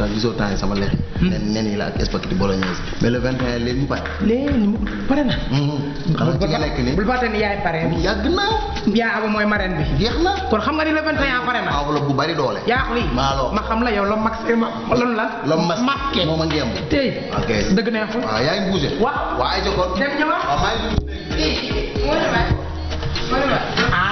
tax gisoo temps yi sama lekk. Hmm. nen nen yi la ak spaghetti bolognaise mais le 21 léegi mu pare. léegi mu pare na. Hmm, hmm. xam nga ni yaay yàgg na. yaa Aba mooy marraine bi. jeex na kon xam nga ni le 21 bu bari doole. yaa ko maa loo ma xam la yow la max ma lan la. la max moom a ngeem. tey dëgg neexul. waaw yaa ngi bougé. waaw waaye jokoon. dem ñëwaat waaw maa ngi.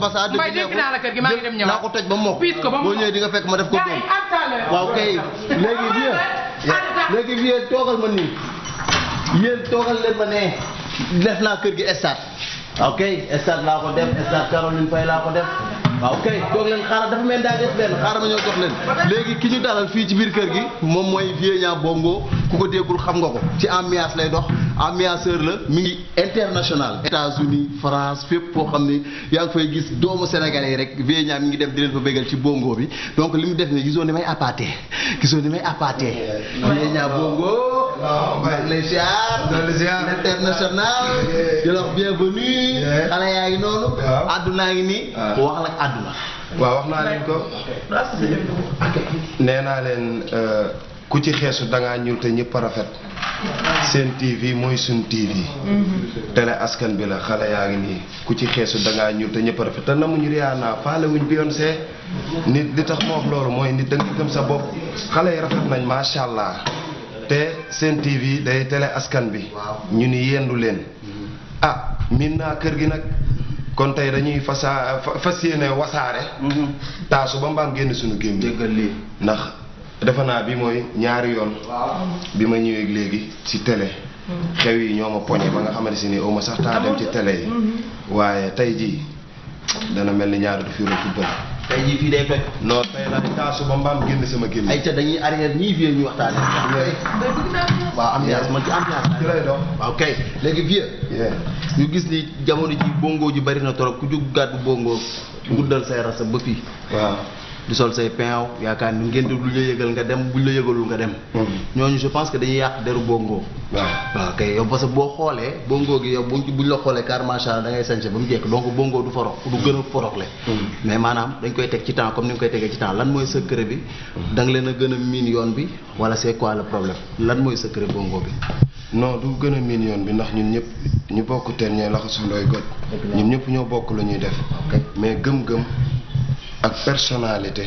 basa mbay dégg dem ñëw naa ko toj ba mokk boo ñëwee di fekk ma def ko doom waaw kay léegi vieux léegi vieux toogal ma nii yéen toogal leen ma ne def naa kër gi stade ok stade laa ko def stade Caroline Faye laa ko def waaw kay dafa mel daa des benn xaaral ma ñëw leen léegi ki ñu dalal fii ci biir kër gi moom mooy Vieux Niang Bongo ku ko déggul xam nga ko ci ambiance lay dox ambianceur la mi ngi international États-Unis France fépp foo xam ne yaa ngi fay gis doomu sénégalais yi rek Vieux Niang mi ngi dem di leen fa bégal ci bongo bi donc li mu def ne gisoo ni may appâté gisoo ni may appâté Vieux Niang Bongo waaw Mbaye lay ziar. doole wax xale yaa ngi noonu. waaw ngi nii. Ah. waaw wax naa leen ko. nee naa leen euh, ku ci xeesu da ngaa ñuul te ñëpp rafet. seen TV mooy suñ TV. Mm-hmm. télé askan bi la xale yaa ngi nii ku ci xeesu da ngaa ñuul te ñëpp rafet te namuñu Rihanna faale wuñ see nit li tax ma loolu mooy nit da nga sa bopp xale yi rafet nañ macha allah. te seen TV day télé askan bi. ñu ni yendu leen. Mm-hmm. ah miin naa kër gi nag mm-hmm. kon tey dañuy fasa fas yéene wasaare. Mm-hmm. taasu ba mbaam génn suñu gémmi. déggal lii ndax defe naa bi mooy ñaari yoon. bi ma ñëwee léegi ci tele xew yi ñoo ma poñe ba nga xamante si ni au ma sax taa dem ci tele yi. waaye tey jii dana mel ni ñaari du fi football tey jii fii day toj. non tey la taasu ba mbaam génn sama génn. ay ca dañuy arrière ñii vieux ñu waxtaanee. waaw am man ci ambiance ci lay doon waaw kay léegi vieux. ñu gis ni jamono ji bongo ji bari na trop ku jóg gàddu bongo. guddal say rasa ba fii. waaw. du sol say peew yaakaar ni ngeen di lu la yëgal nga dem buñ la yëgalul nga dem. Hmm. ñooñu je pense que dañuy yàq deru bongo. waaw waaw kay yow parce que boo xoolee bongo gi yow bu buñ la xoolee car macha allah da ngay sañse ba mu jekk donc bongo du forox du gën a foroxle. Hmm. mais maanaam dañ koy teg ci temps comme ni koy tegee ci temps lan mooy secret bi. Hmm. da nga leen a gën a miin yoon bi wala c'est quoi le problème lan mooy secret bongo bi. no du gën a miin yoon bi ndax ñun ñëpp ñu bokk teen ñooy laxasandooy goj ñun ñëpp ñoo bokk lu ñuy def mais gëm-gëm ak personnalité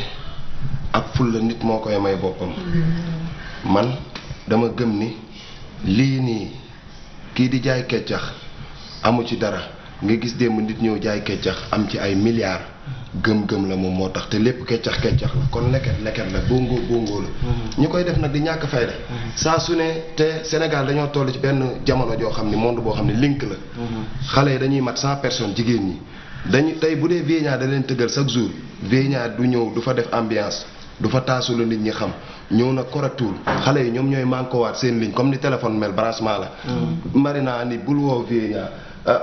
ak fulla nit moo koy may boppam man dama gëm ni lii nii kii di jaay keccax amu ci dara nga gis démb nit ñëw jaay keccax am ci ay milliards gëm-gëm la moom moo tax te lépp keccax keccax kon leket leket la bongo bongo la ñu koy def nag di ñàkk fayda saa su ne te senegal dañoo toll ci benn jamono joo xam ni monde boo xam ne link la mhm. xale yi dañuy mat cent personnes jigéen ñi dañu tey bu dee Viegna da leen tëggal chaque jour Viegna du ñëw du fa def ambiance du fa taasu lu nit ñi xam ñëw na koratul xale yi ñoom ñooy manquowaat seen liñ comme ni téléphone mel branchement la mm. Marina ni bul woo Viegna ah,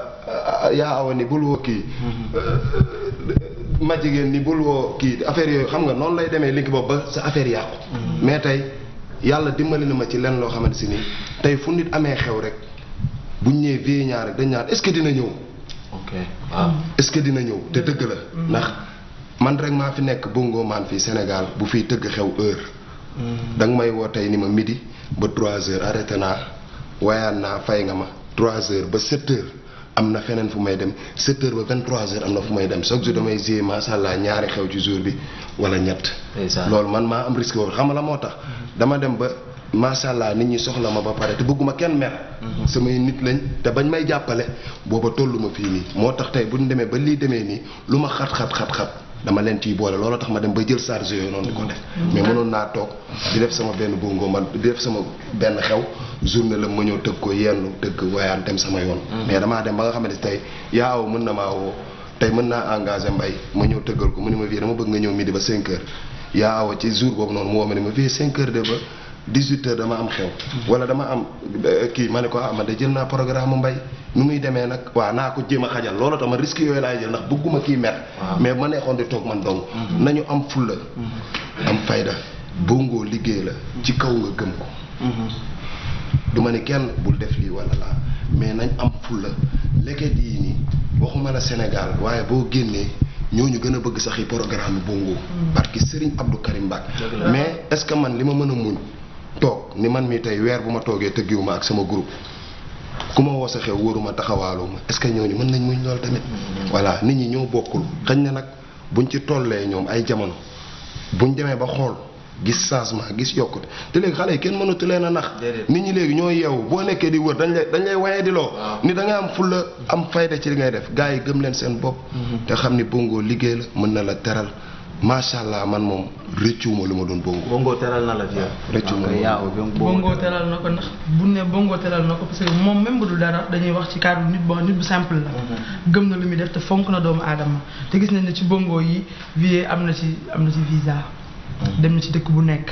ah, yaa awa ni bul woo kii mm-hmm. ma jigéen ni bul woo kii affaire yooyu xam nga noonu lay demee link boobu ba sa affaire yàqu mm-hmm. mais tey yàlla dimbali na ma ci lenn loo xamante si nii tey fu nit amee xew rek buñ ñëwee Viegna rek dañ naan est-ce dina ñëw waaw ah. ce que dina ñëw te dëgg la mm. ndax man rek maa fi nekk bongo maan fi Sénégal bu fi tëgg xew heure mm. da may woo tey ni ma midi ba trois heures arrêté naa wayaan naa fay nga ma trois heures ba set heures am na feneen fu may dem sept heures ba vingt trois heures am na fu may dem chaque jour damay gérer macha ñaari xew ci jour bi wala ñett loolu man maa am risque woon xam la moo tax mm. dama dem ba macha allah nit ñi soxla ma ba pare te bëgguma kenn mer. Mhm. samay nit lañ te bañ may jàppale booba tollu ma fii nii moo tax tey bu ñu demee ba lii demee nii lu ma xat xat xat xat dama leen ciy boole looloo tax ma dem ba jël charge yooyu noonu ko def. Mhm. mais naa toog di def sama benn bongo man di def sama benn xew journée la ma ñëw tëgg ko yenn tëgg wayaan dem sama yoon. Mhm. mais damaa dem ba nga xamante tey yaaw mën na ma woo tey mën naa engagé mbay ma ñëw tëggal ko mu ne ma fii dama bëgg nga ñëw midi ba 5 heures yaaw ci jour noonu mu ma ma fii 5 heures 18 heures dama am xew. wala dama am euh, kii ma ne ko ah man jël naa programme mu mbay nu muy demee nag waaw naa ko jéem a xajal loolu tam risque yooyu laay jël ndax bëgguma kii mer. mais ma neexoon di toog man dong. Mhm. nañu am fulla mhm. am fayda bongo liggéey la. ci kaw nga gëm ko. Mhm. du ma ne kenn bul def lii wala laa mais nañ am fulla leket yii nii waxuma la Sénégal waaye boo génnee. ñoo ñu gën a bëgg sax yi programme bongo parce que Serigne Abdou Karim Mbacke mais est-ce que man li ma mën a muñ toog ni man mii tey weer bu ma toogee tëggiwuma ak sama groupe ku ma woo sa xew wóoruma taxawaaluma est ce que ñooñu mën nañ muñ loolu tamit. voilà nit ñi ñoo bokkul xëy na nag buñ ci tollee ñoom ay jamono buñ demee ba xool gis changement gis yokkute te léegi xale yi kenn mënatu leen a nax. nit ñi léegi ñoo yeewu boo nekkee di wër dañ lay dañ lay woyee di loo. ni da nga am fulla am fayda ci li ngay def gars yi gëm leen seen bopp. Mm-hmm. te xam ni bongo liggéey la mën na la teral. macha allah man moom rëccuwuma lu ma doon bongo. teral na la fi rëccuwuma bongo teral na ko ndax bu ne bongo teral na ko parce moom même bu dul dara dañuy wax ci cadre nit boo nit bu simple la. Mhm. gëm na lu muy def te fonk na doomu aadama te gis nañ ne ci bongo yi vie am na ci am na ci visa. Mhm. dem na ci dëkk bu nekk.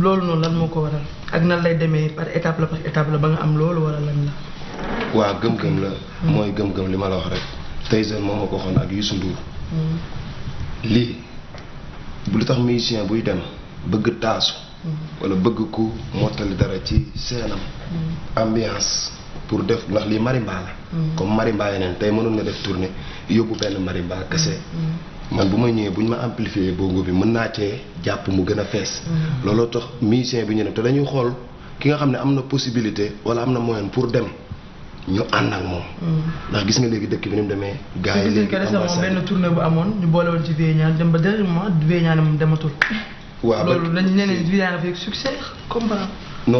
loolu noonu lan moo ko waral ak nan lay demee par étape la par étape la ba nga am loolu wala lan la. waa gëm-gëm la. Mhm. mooy gëm-gëm li ma la wax rek. Tyson moo ma ko lii bu lu tax musicien buy dem bëgg taasu wala bëgg ku mottali dara ci seenam ambiance pour def ndax lii marimba la comme marimba yeneen tey mënoon na def tournée yóbbu benn marimba kese man bu ma ñëwee bu ñu ma amplifier bongo bi mën naa cee jàpp mu gën a fees looloo tax musicien bi ñu dem te dañuy xool ki nga xam ne am na possibilité wala am na moyen pour dem ñu ànd ak moom. Mm. ndax gis nga léegi dëkk bi ni mu demee. gars yi léegi avancé benn tournée bu amoon ñu boole woon ci Véñaan dem ba dernier mois Véñaan moom dematul. waaw ba loolu dañu ne ne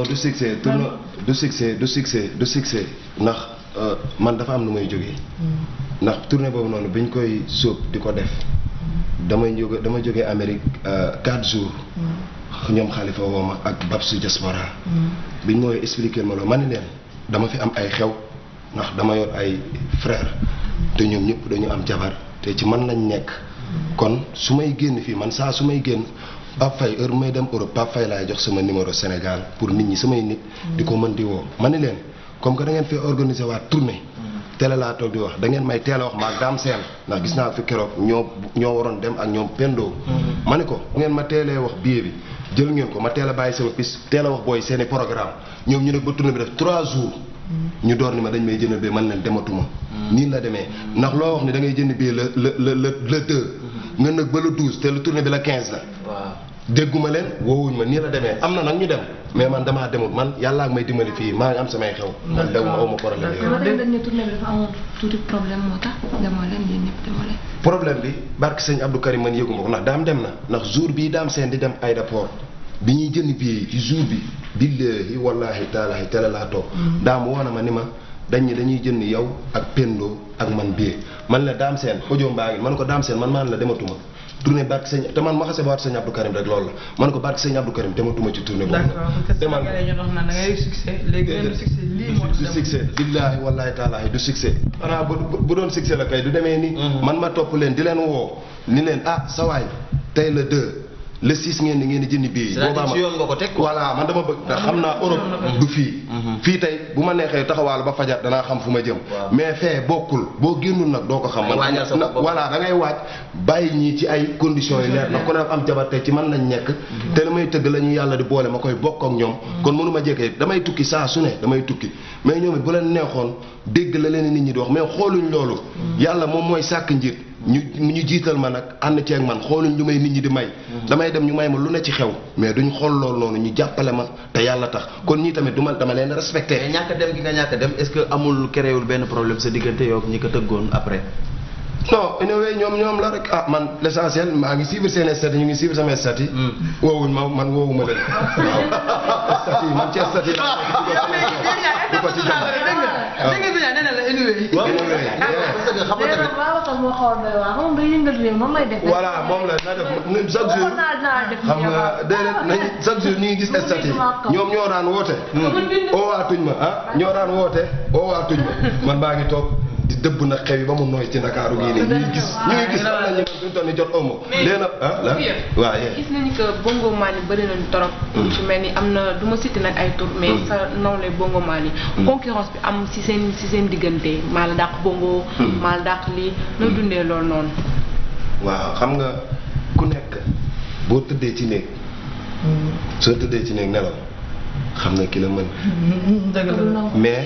du succès tournée du succès du succès du succès ndax euh, man dafa am lu may jógee. Mm. ndax tournée boobu noonu bi koy sóob di ko def. Mm. damay jóge damay jógee Amérique euh, quatre jours. ñoom Khalifa ma ak Babsu Diaspora. biñ mooy expliquer ma ma ne leen dama fi am ay xew. ndax dama yor ay frère te ñoom ñëpp dañu am jabar te ci man lañ nekk kon su may génn fii man saa su may génn Pape Faye heure may dem Europe Pape Faye laay jox sama numéro Sénégal pour nit ñi samay nit di ko mën di woo ma ni leen comme que da ngeen fee organiser waa tournée teel laa toog di wax da ngeen may teel a wax maag daam seen ndax gis naa fi keroog ñoo ñoo waroon dem ak ñoom pendoo ma ne ko ngeen ma teelee wax billet bi jël ngeen ko ma teel bàyyi sama teel wax booy seeni programme ñoom ñu ne ba jours ñu door ni ma dañ may jënd bee man leen dematuma. Mm. nii la demee ndax loo wax ni da ngay jënd bee la le le le deux. Mm-hmm. nga nag ba le douze te le tournée bi la quinze la. dégguma leen woowuñ ma nii la demee am na nag ñu dem mais man damaa demut man yàlla ak may dimbali fii maa am samay xew. man dawuma awma problème yooyu. bi dafa tuuti problème moo tax problème bi barke sëñ Abdou Karim man yëguma ko ndax daam dem na ndax jour bii daam seen di dem aéroport bi ñuy jënd billet yi ci jour bi billahi wallahi taalahi tele laa toog mm-hmm. daam woona ma ni ma dañ ni dañuy jënd yow ak Pendo ak man billet man la daam seen audio mbaa ngi man ko daam seen man maan la dematuma tournée barke sëñ te man ma xasee ba waat sëñ Abdou Karim rek loolu la man ko barke sëñ Abdou Karim dematuma ci tournée boobu demal du succès billaahi wallaahi taalaahi du succès bu doon succès la kay du demee ni mm-hmm. man ma topp leen di leen woo ni leen ah sawaay tey la le 6 ngeen di ngeen di jënd bii yi. boobaa ma yoon nga ko teg voilà man dama bëgg. ndax xam naa Europe du fii. Mm-hmm. fii tey bu ma neexee taxawaalu ba fajar danaa xam fu ma jëm. mais fee bokkul boo génnul nag doo ko xam. man nag voilà da ngay waaj bàyyi ñii ci ay conditions yu leer ndax mm-hmm. ku ne am jabar ci man lañ nekk. Mm-hmm. te li may tëgg la ñu yàlla di boole ma koy bokk ñoom. kon mënu ma jékkee damay tukki saa su ne damay tukki mais ñoom it bu leen neexoon dégg la leen nit ñi di wax mais xooluñ loolu. yàlla moom mooy sàkk njiit ñu ñu jiital ma nag ànn ceeg man xooluñ lu may nit ñi di may mm-hmm. damay dem ñu may ma lu ne ci xew mais duñ xool lool noonu ñu jàppale ma te yàlla tax kon ñii tamit duma ma dama leen respecté ñàkk dem gi nga ñàkk dem est-ce que amul créewul benn problème sa diggante yow ñi ko tëggoon après non anyway ñoom ñoom la rek ah man l' maa ngi suivre seen stat yi ñu ngi suivre sama stat yi. Mm. ma man woowu ma leen. a doy moom lay def. ñu ngi gis stat ñoom ñoo daan woote. oowaatuñ mm. ah, ma man maa ngi toog. di dëbb na xew yi ba mu nooy ci Ndakaaru gii ñuy gis ñuy gis xam nañ ne duñ toll ah, la waaw gis nañu que bongo maan yi bëri torop su hmm. mel ni am na duma ma cité nag ay tur mais hmm. sa nawle bongo maan yi hmm. concurrence am si seen si diggante maa la dàq bongo maa la dàq lii noo dundee loolu noonu waaw xam nga ku nekk boo tëddee ci néeg soo tëddee ci néeg nelaw xam na ki la mën mais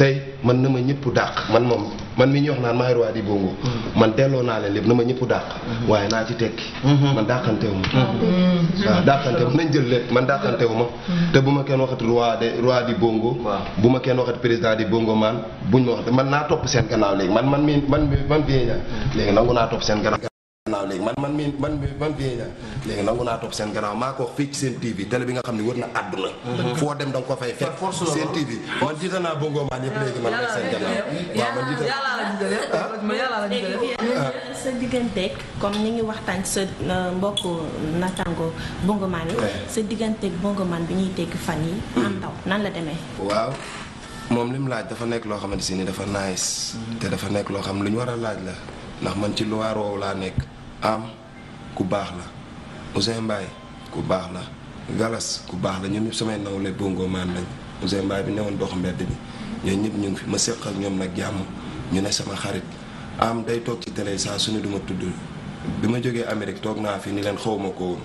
tey man na ma ñëpp dàq man moom man mi ñu wax naan maay roi di bongo mm. man delloo naa leen lépp na ma ñëpp dàq mm-hmm. waaye naa ci tekki mm-hmm. man dàqantewu ma mm-hmm. waaw dàqantewu nañ jël lépp man dàqantewu ma te bu ma kenn waxati roi de roi di bongo bu ma kenn waxati président di bongo man buñ ma wax man naa topp seen gannaaw léegi man man mi man man bien léegi nangu naa topp seen gannaaw gannaaw léegi man man mii man man vieillir naa léegi nangu naa topp seen gannaaw maa ko wax fii ci seen TV télé bi nga xam ne wër na àdduna mhm. foo dem da nga ko fay fekk seen TV man jiite naa bongo maa yëpp léegi man nekk seen gannaaw waaw man jiite ah? ah. sa digganteeg comme ñu ngi waxtaan sa euh, mbokk natango bongo maan yi eh. sa digganteeg bongo maan bi ñuy tegg fan yi hmm. am ndaw nan la demee waaw moom li laaj dafa nekk loo xamante si ni dafa nice hmm. te dafa nekk loo xam lu ñu war a laaj la ndax man ci lu waar woowu laa nekk am ku baax la usin Mbaye ku baax la Galas ku baax la ñoom ñëpp samay nawle bongo maan lañ Ousseyn Mbaye bi newoon dox mbedd bi ñooñu ñëpp ñu ngi fi ma séq ak ñoom nag jàmm ñu ne sama xarit am day toog ci télé saa su ne du ma tudd bi ma jógee Amérique toog naa fi ni leen xaw koo woon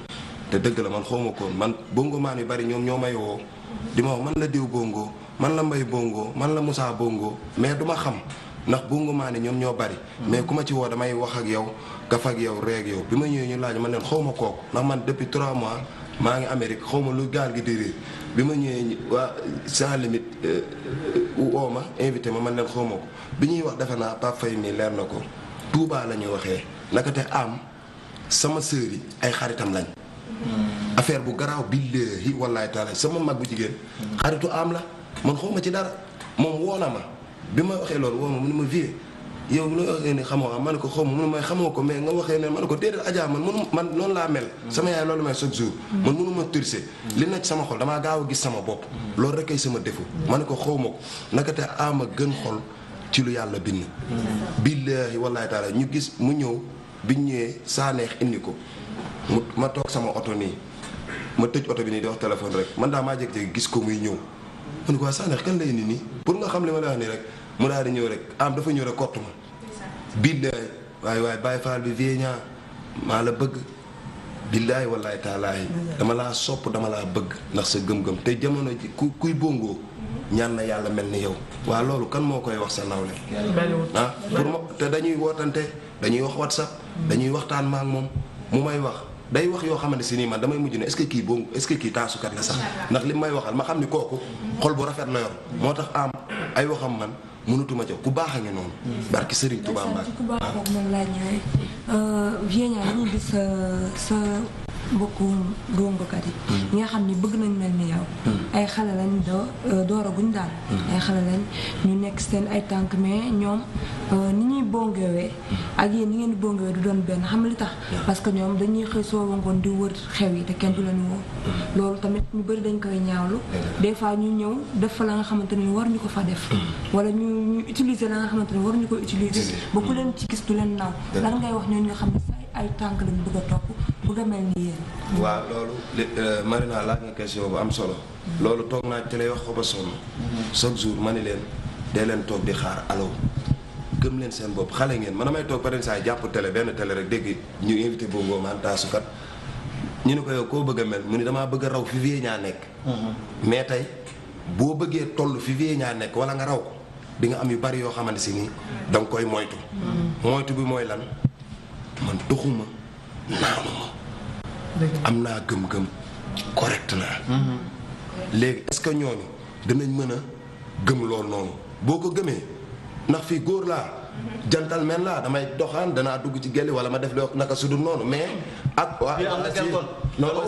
te dëgg la man xaw ma woon man bongo maan yu bari ñoom ñoo may woo di ma wax man la diw bongo man la mbay bongo man la Moussa bongo mais du ma xam ndax bungu maa ne ñoom ñoo bari mais ku ma ci woo damay wax ak yow gaf ak yow reeg yow bi ma ñëwee ñu laaj ma leen xaw ma kooku ndax man depuis trois mois maa ngi Amérique xaw ma lu gaal gi di rii bi ma ñëwee waa sans limite woo euh, euh, ma invité ma man leen xaw ma ko bi ñuy wax defe naa Pape Faye mii leer na ko Touba la ñu waxee naka te am sama sœur ay xaritam lañ affaire bu garaaw billaahi wallaahi taala sama mag bu jigéen xaritu am la man xaw ma ci dara moom na ma bi ma waxee loolu woo ma mu ne ma vie yow lu waxee ni xamoo am ah, ma ne ko xaw ma mu ne xamoo ko mais nga waxee ne ma ko déedéet Adja man mënu man noonu laa mel mm. sama yaay may chaque jour mm. man mënuma turse mm. li nekk sama xol damaa gaaw a gis sama bopp loolu rek ay sama defu ma ne ko xaw ma ko nakate ama ah, gën xol ci lu yàlla bind billaahi wallaahi ñu gis mu ñëw biñ ñëwee saa neex indi ko ma toog sama oto nii ma tëj oto bi nii di wax téléphone rek man daa maa jeg jékki gis ko muy ñëw man quoi Sanekh kan la indi pour nga xam li ma la wax nii rek mu daal di ñëw rek am dafa ñëw rek kott ma. billaay waaye waaye Baye bi Vénia maa la bëgg. billaay wallaay taalaay dama laa sopp dama laa bëgg ndax sa gëm-gëm te jamono ji ku kuy bongoo ñaan na yàlla mel ni yow waa loolu kan moo koy wax sa nawle ah pour ma te dañuy wootante dañuy wax whatsapp dañuy waxtaan maak moom mu may wax day wax yoo xamante si nii man damay mujj ne est-ce que kii boobu est-ce que kii taasukat la sax ndax li may waxal ma xam ni kooku xol bu rafet la yor moo tax am ay waxam man mënatuma jox ku baax a ngi noonu. barki Serigne Touba Mbacke ku baax moom laa ñëwee. Vieux Niang ñu euh, sa sa. mbokku rongokat yi mm. nga xam ni bëgg nañ mel ni yow mm. ay xale lañ euh, door a guñ daal mm. ay xale lañ ñu nekk seen ay tànk mais ñoom euh, ni ñuy bongewee ak yéen ni ngeen di bongewee du doon benn xam li tax parce que ñoom dañuy xëy soo wangoon di wër xew yi te kenn du leen woo loolu tamit ñu bëri dañ koy ñaawlu des fois ñu ñëw def fa la nga xamante ne war ñu ko fa def wala ñu ñu utiliser la nga xamante ne war ñu ko utiliser ba ku leen ci gis du leen naw lan ngay wax ñooñu nga xam ne ay tànk lañ bëgg topp bëgg a mel ni yéen. waaw loolu li euh, Marina laaj question bu am solo. loolu toog naa ci lay wax ko ba sonn. chaque ma ni leen dee leen toog di xaar alo gëm leen seen bopp xale ngeen man damay toog beneen saa jàpp benn télé dégg ñu invité boobu man taasukat ñu ni ko yow koo bëgg a mel mu ni damaa bëgg a raw fi ñaa nekk. Mm-hmm. tey boo bëggee toll fi vie ñaa nekk wala nga raw ko nga am yu bari yoo xamante si nii da nga koy moytu. Mm-hmm. moytu bi mooy lan man tuxuma naanuma am naa gëm-gëm correct naa léegi est-ce que ñooñu dinañ mën a gëm loolu noonu boo ko gëmee ndax fii góor laa jantal men laa damay doxaan danaa dugg ci gelli wala ma def loo naka sudul mais ak waa la ko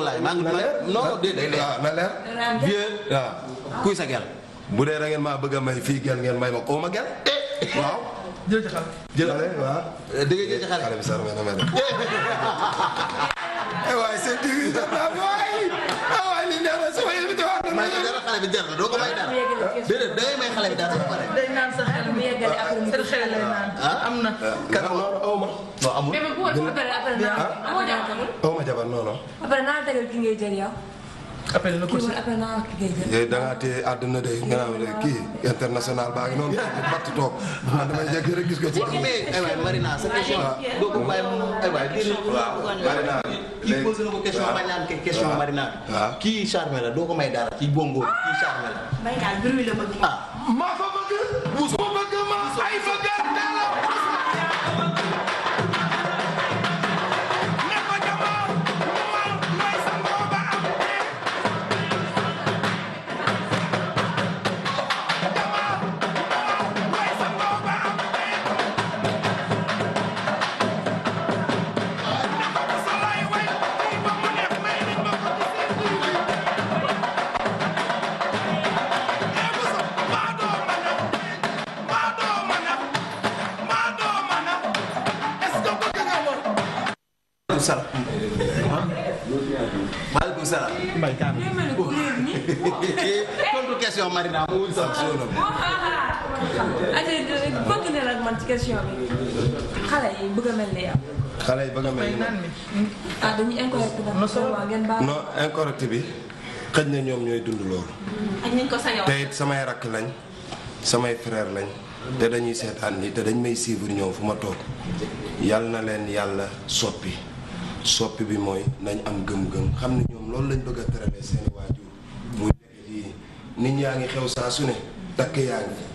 laaj maa ngi non déedéet ah, na leer vieux waaw ah. kuy sa gel bu dee da ngeen maa bëgg a may fii gel ngeen may ma koo gel waaw. jël ci xale. jël xale waaw. Eh, dégg nga jël ci xale. bi sax mel na mel na. Eh, ah, waaye li neex na xale bi jar na doo may dara. déedéet da bi dara ba pare. naan sa xel mu yeggale après mu naan. ah am na. Eh, kan amul aw ma. non amul. mais bu woon ba pare après naa. Ah? amoo appel na ko si yooyu de nga naan kii international baa ngi noonu batt toog man damay jekk rek gis ko ci. Marina sa question. doo ko bàyyi aywaay Marina kii posé na ko question Marina. kii charme la doo ko may dara ci bongo kii charme la. may ah. maa fa bëgg. buus ma bëgg ma ay bëgg. Marina mu wuyu sax zone euh, bi xale ah, na ñoom ñooy dund loolu. Mm-hmm. ak samay rakk lañ samay frère lañ. te dañuy seetaan ni te dañ may suivre ñoom fu ma toog yàlla na leen yàlla soppi soppi bi mooy nañ am gëm-gëm xam ne ñoom loolu lañ bëgg a terale seen nit ñaa ngi xew saa su ne takk yaa ngi fi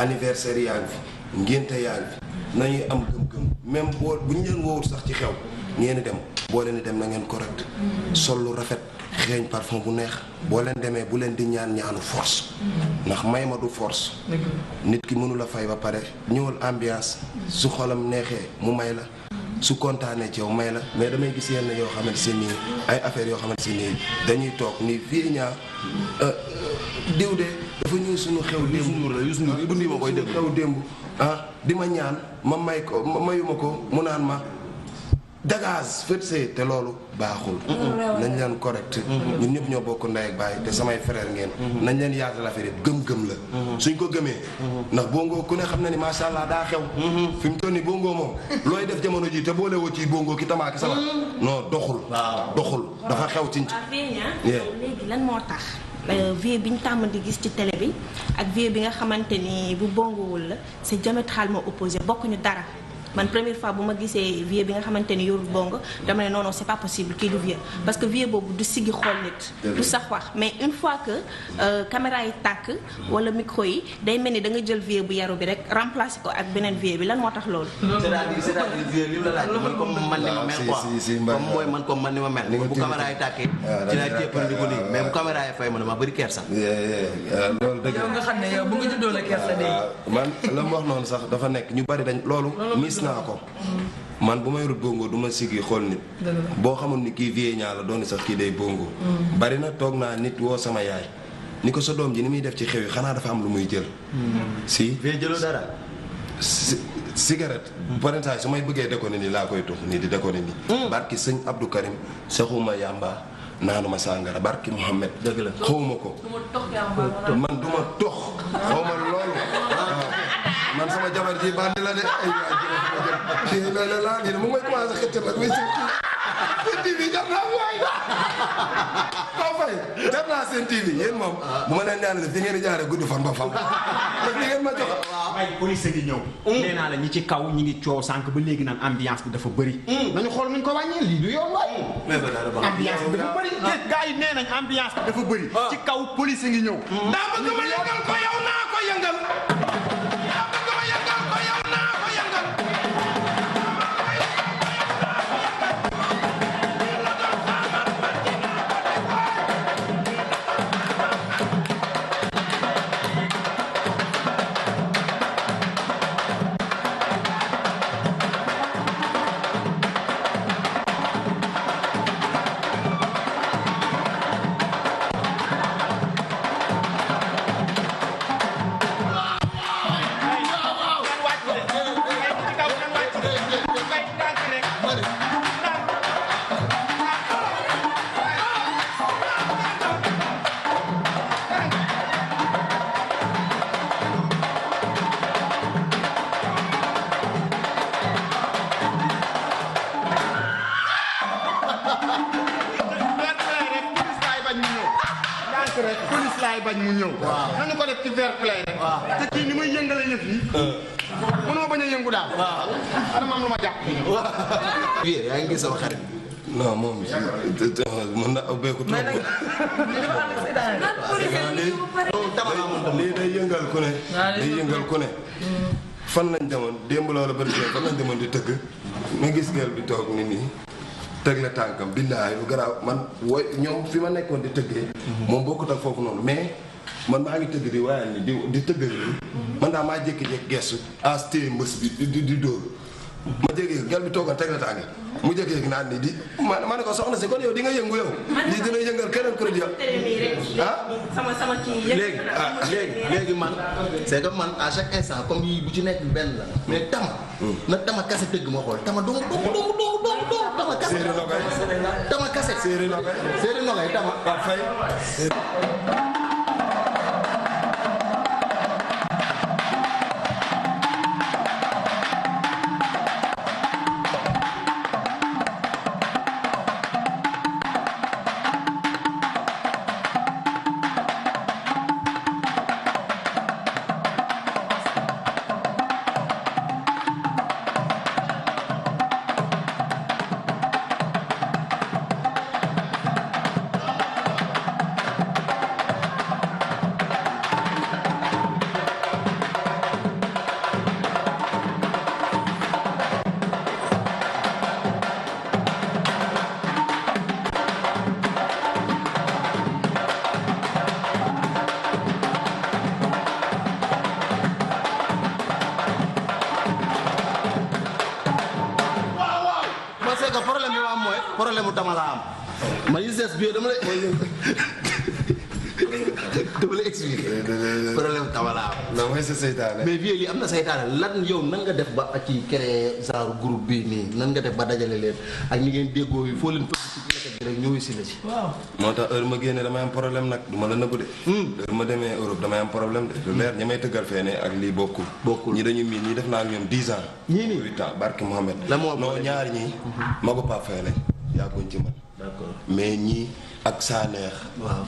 anniversaire yaa ngi ngénte yaa ngi fi nañuy am gëm-gëm même boo bu ñu leen woowul sax ci xew ngeen dem boo leen di dem na ngeen correct sol lu rafet xeeñ parfum bu neex boo leen demee bu leen di ñaan ñaanu force ndax may ma du force nit ki mënula fay ba pare ñëwal ambiance su xolam neexee mu may la su kontaanee ci yow may la mais damay gis yenn yoo xamante si nii ay affaires yoo xamante si nii dañuy toog ni fii ñaa diw de dafa ñëw suñu xew démb Youssou Ndour koy ah, dégg xew démb ah di ma ñaan ma may ko ma mayuma ko mu naan ma dagaas fëtsee te loolu baaxul nañ leen correct ñu ñëpp ñoo bokk ndey ak baay te samay frère ngeen nañ leen yaatal affaire yi gëm-gëm la suñ ko gëmee ndax bongo ku ne xam na ni macha allah daa xew fi mu toll nii bongo moom looy def jamono jii te boole woo ci bongo ki tamaaki sama non doxul doxul dafa xew ci léegi Euh, vie bi ñu tàmm di gis ci télé bi ak vie bi nga xamante ni bu bonguwul la si xal ma opposé bokkuñu dara man première fois bu ma gisee vieux bi nga xamante ni yorul bongo dama ne non non c'est pas possible kii du vieux parce que vieux boobu du siggi xool nit du sax wax mais une fois que euh, caméra yi tàkk wala micro yi day mel ni da nga jël vieux bu yaru bi rek remplacer ko ak beneen vieux bi lan moo tax loolu cest à man comme man ni ma mel quoi comme mooy man comme man ni ma mel bu caméra yi tàkkee dinaa ah, jéppandiku nii ah, mais bu caméra yi fay ma dama bëri kersa ah, loolu dëgg nga xam ne yow nekk ñu bari dañ loolu gis naa ko. man bu may rut bongo du ma xool nit. boo xamul ni kii vie ñaa la doon sax mm. bari na toog naa nit woo sama yaay. ni ko sa doom ji ni muy def ci xew yi dafa am lu muy jël. Mm. si vie jëlu dara. cigarette. Mm. parentage su may bëggee déconné nii laa koy tux nii di déconné nii. barki sëñ Abdou Karim saxuma yàmba naanuma sàngara barki Mouhamed. dëgg la xawma ko. man duma tox xawma loolu. man sama jabar ji bànn la de ay waay kii laa nii mu may commencé xëcc nag muy seen seen TV naa leen ñaanal fi ngeen jaaree gudd fan ba fan te fi ngeen ñëw mm. nee la ñi ci kaw ñi ngi coow sànq ba léegi na ambiance bi dafa bëri mm. nañu xool nuñ ko wàññee lii du yoon waay mm. ambiance bi dafa bëri ah. gars yi nee nañ ambiance bi dafa bëri ah. ci kaw police ngi ñëw daa bëgg ma yëngal ko yow naa ko yëngal rek police laay bañ mu ci fair play rek te kii ni muy bañ a yëngu daal ana ma jàpp biir yaa ngi gis sama xarit non moom mën na ubbeeku trop lii day yëngal yëngal ku fan lañ demoon démb la wala bëri fan lañ demoon di tëgg ma gis gel bi toog ni nii teg la tànkam billaahi lu garaaw man wooy ñoom fi ma nekkoon di tëggee moom bokkut ak foofu noonu mais man maa ngi tëgg di waayal ni di di tëggal ni man daa maa jékki-jékki gestu as ah, bi di di dóor ma jékki gel bi toogoon teg la tànk mu jékki-jékki naan ni di ma ma ne ko soxna si kon yow di nga yëngu yow di dina yëngal kër ku di ah léegi ah léegi léegi man c'est que man à chaque instant comme yi bu ci nekk benn la mais tama mm. na tama kase tëgg ma xool tama doomu doomu doomu dama kase dama kase séeréer nogay dama fay problème bu tama laa am man dama lay dama lay expliqué problème bu tama laa am. non mooy sa seytaane. mais vieux lii am na seytaane lan yow nan nga def ba ak ci créer genre group bi nii nan nga def ba dajale leen ak ni ngeen déggoo yi foo leen fëgg si bi rek ñëw si waaw moo tax heure ma génne damay am problème nag du ma la nëbbu de. Hmm. heure ma demee Europe damay am problème de. lu leer ñi may tëggal fee ak lii bokkul. bokkul ñi dañu miin ñi def naa ak ñoom 10 ans. ñii nii 8 ans barke la moo ñaar ñii. Magu Pape yaa ko ci man. mais ñi ak Sanex. waaw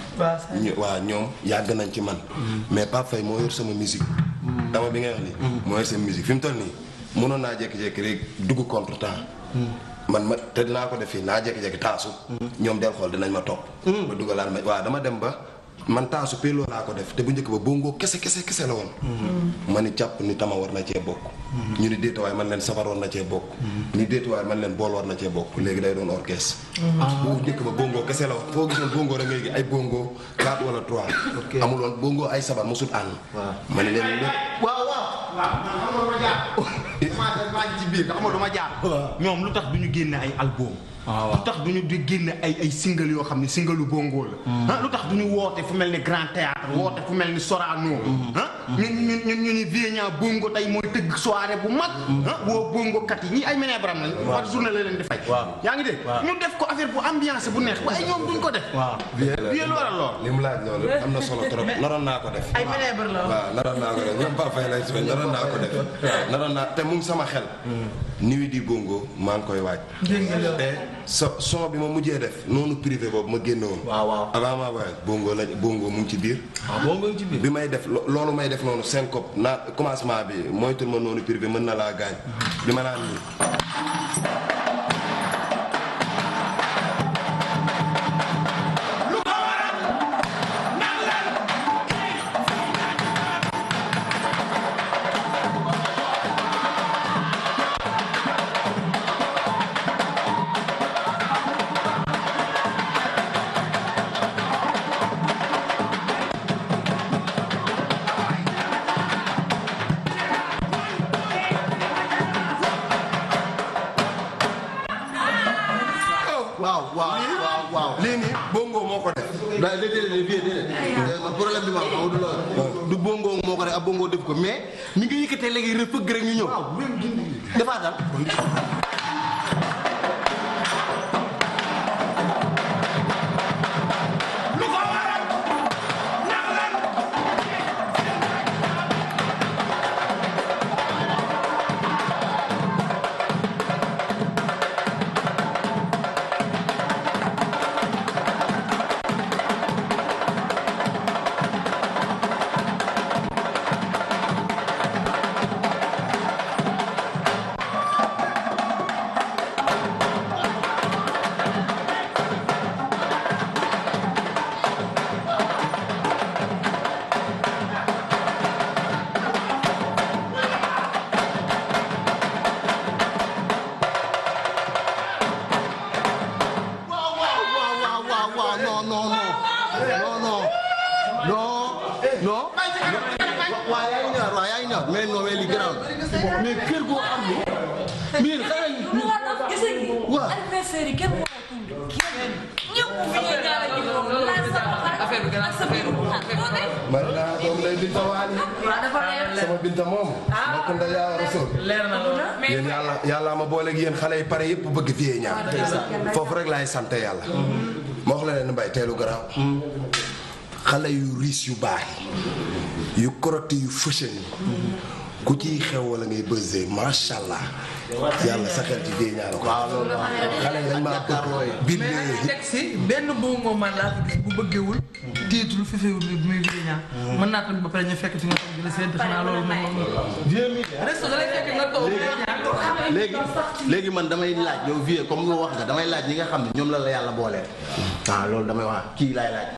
ñu waaw ñoom yàgg nañ ci man. Mm-hmm. mais Pape Faye moo yor sama musique. Mm-hmm. dama bi nga wax ni mm-hmm. moo yor sama musique fi mu toll nii mënoon naa jékki-jékki rek dugg contre temps. man ma te dinaa ko def fii naa jékki-jékki taasu. ñoom de xool dinañ ma topp. ba dugalaat ma waaw dama dem ba. man taasu péeloo laa ko def te bu njëkk ba bongo kese kese kese la woon. Mm-hmm. ma ni càpp ni tama war na cee bokk. Mm-hmm. ñu ni déetawaay man leen sabar war na cee bokk. ñu mm-hmm. déetawaay man leen bool war na cee bokk léegi day doon orchestre. bu njëkk ba bongo kese la woon foo gisoon bongo rek léegi ay bongo quatre wala trois. amul woon bongo ay sabar mosut ànd. waaw ma ni leen lépp waaw eh, maa maa ngi ci biir xam nga dama jaar. ñoom lu tax du ñu génne ay album. Ah, lu tax du ñu génne ay ay single yoo xam ne single lu bongo la. Hmm. Ah, lu tax du ñu woote fu mel ni Grand Théâtre hmm. woote fu mel ni Sorano. ñun ñun ñun ñu ni Vienna bongo tey mooy tëgg soirée bu mag. Hmm. Ah, woo bongo kat yi ñii ay ménèbre am nañ. waaw journée la leen di fay. yaa ngi dégg ñu def ko affaire bu ambiance bu neex waaye ñoom duñ ko def. waaw bien lu waral lool. li mu laaj loolu am na solo trop naroon naa ko def. ay ménèbre la waaw naroon naa ko def ñoom Pape Faye lay suñu naroon naa ko def naroon naa te mu moom xel. nuit di maa ngi koy waaj. so son bi ma mujjee def noonu privé boobu ma génne woon. waaw waaw avant maa waaj bongo mu ah, ci biir. bi may def loolu may def noonu syncope naa commencement bi moytul ma noonu privé mën na laa gaañ. bi ma naan nii. dafa dal grave mais noowee li grave mais kër goo am ni miir xale ñu war a gis ngi anniversaire yi kenn waxatul kenn ñëpp fi ñu daal di ko la sa affaire bi gën a sa affaire bi man naa doom lay binta waani sama binta moom bokk nda yaa war a sóor leer na loolu yéen yàlla yàlla ma booleeg yéen xale yi pare yëpp bëgg fiyee ñaar ah, foofu rek laay sante yàlla ma wax la leen mbay teelu garaaw hmm. xale yu riis yu baax yi yu correct yu fashion ku ci xew wala ngay bësee macha allah yàlla sa xel ci dee ñaar ko. waaw loolu bi muy dee ñaar. mën naa ko ba ñu fekk ci nga xam ne sedd xanaa loolu man damay laaj yow damay laaj ñi nga xam ne ñoom la la yàlla booleel. Ah, loolu damay wax kii laay laaj.